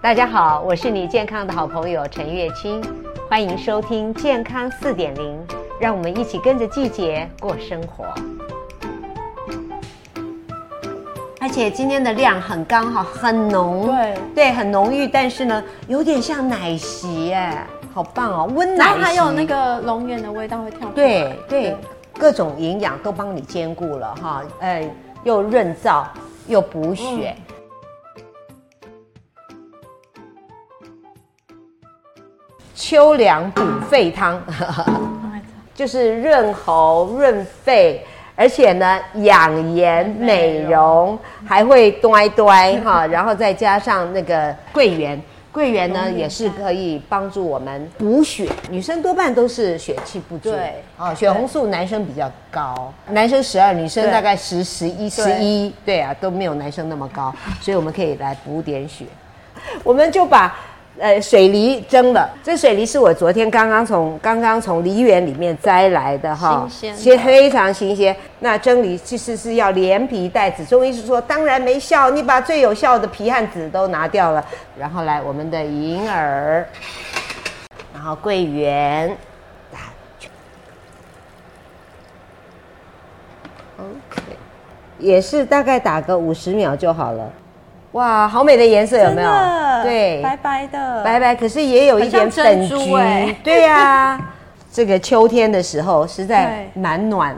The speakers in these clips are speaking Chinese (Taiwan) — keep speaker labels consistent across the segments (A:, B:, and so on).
A: 大家好，我是你健康的好朋友陳月卿，歡迎收聽《健康四點零》，讓我們一起跟着季節過生活。而且今天的量很剛好，很濃，對，對，很濃郁，但是呢，有點像奶昔耶，好棒哦，溫暖。然後還有那個龍眼的味道會跳出來對對，對，各種營養都幫你兼顧了哈，哎、呃，又潤燥又補血。嗯秋涼補肺湯，oh、就是潤喉、潤肺，而且呢養顏美容，還會端一端哈， 然後再加上那個桂圓，桂圓呢也是可以幫助我們補血，女生多半都是血氣不足，對、哦，血紅素男生比較高，男生十二，女生大概十十一十一，對啊，都沒有男生那麼高，所以我們可以來補點血， 我們就把。呃，水梨蒸的，這水梨是我昨天剛剛從剛剛從梨園裡面摘來的哈、哦，新鮮，其實非常新鮮。那蒸梨其實是要連皮帶籽，中醫是說當然沒效，你把最有效的皮和籽都拿掉了。然後來我們的銀耳，然後桂圓，打 o k 也是大概打個五十秒就好了。哇，好美的顏色，有沒有？對，白白的，白白，可是也有一點粉橘、欸。對呀、啊， 這個秋天的時候，實在蠻暖，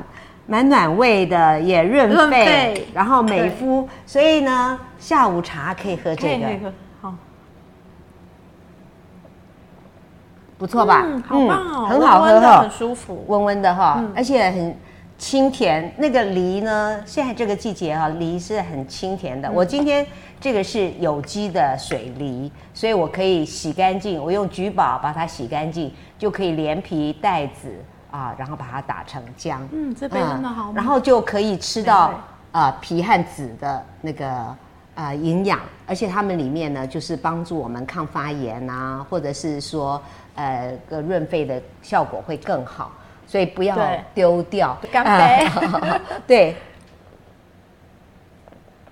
A: 蠻暖胃的，也潤肺，潤肺，然後美膚。所以呢，下午茶可以喝這個，可以可以好，不錯吧？嗯，好、哦、嗯很好喝、哦，很好，很舒服，溫溫的哈、哦嗯，而且很。清甜，那個梨呢？現在這個季節哈、啊，梨是很清甜的。我今天這個是有機的水梨，所以我可以洗乾淨，我用橘寶把它洗乾淨，就可以連皮帶籽啊，然後把它打成漿。嗯，這杯真的好、嗯。然後就可以吃到啊、呃、皮和籽的那個啊、呃、營養，而且它們裡面呢，就是幫助我們抗發炎啊，或者是說呃個潤肺的效果會更好。所以不要丟掉、呃。乾杯呵呵呵！對，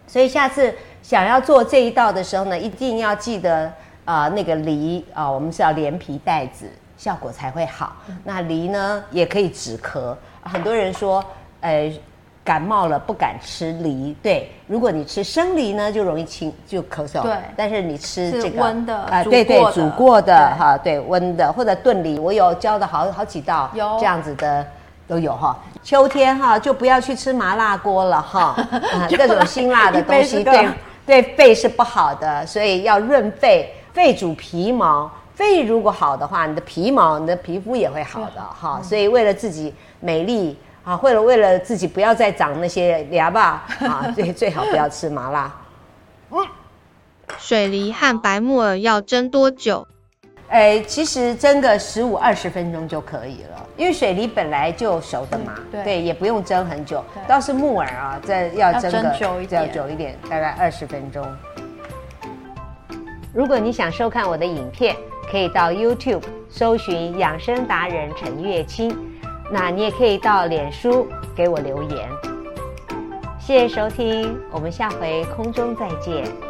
A: 所以下次想要做這一道的時候呢，一定要記得啊、呃，那個梨啊、呃，我們是要連皮帶籽，效果才會好。那梨呢，也可以止咳，很多人說，哎、呃。感冒了不敢吃梨，對。如果你吃生梨呢，就容易清就咳嗽。對。但是你吃這個溫的啊、呃呃，對對，煮過的哈，對，煮過的、哦、對溫的或者燉梨，我有教的好好幾道，有這樣子的都有哈、哦。秋天哈、哦、就不要去吃麻辣鍋了哈，各、哦 呃、種辛辣的東西、 這個、對對肺是不好的，所以要潤肺。肺主皮毛，肺如果好的話，你的皮毛、你的皮膚也會好的哈、哦嗯。所以為了自己美麗。啊，為了為了自己不要再長那些牙吧 啊，最最好不要吃麻辣。水梨和白木耳要蒸多久？哎、欸，其實蒸個十五二十分鐘就可以了，因為水梨本來就熟的嘛。對，對，也不用蒸很久。倒是木耳啊，再要蒸個要，蒸久一點要久一點，大概二十分鐘。如果你想收看我的影片，可以到 YouTube 搜尋“養生達人陳月卿”。那你也可以到臉書給我留言。謝謝收聽，我們下回空中再見。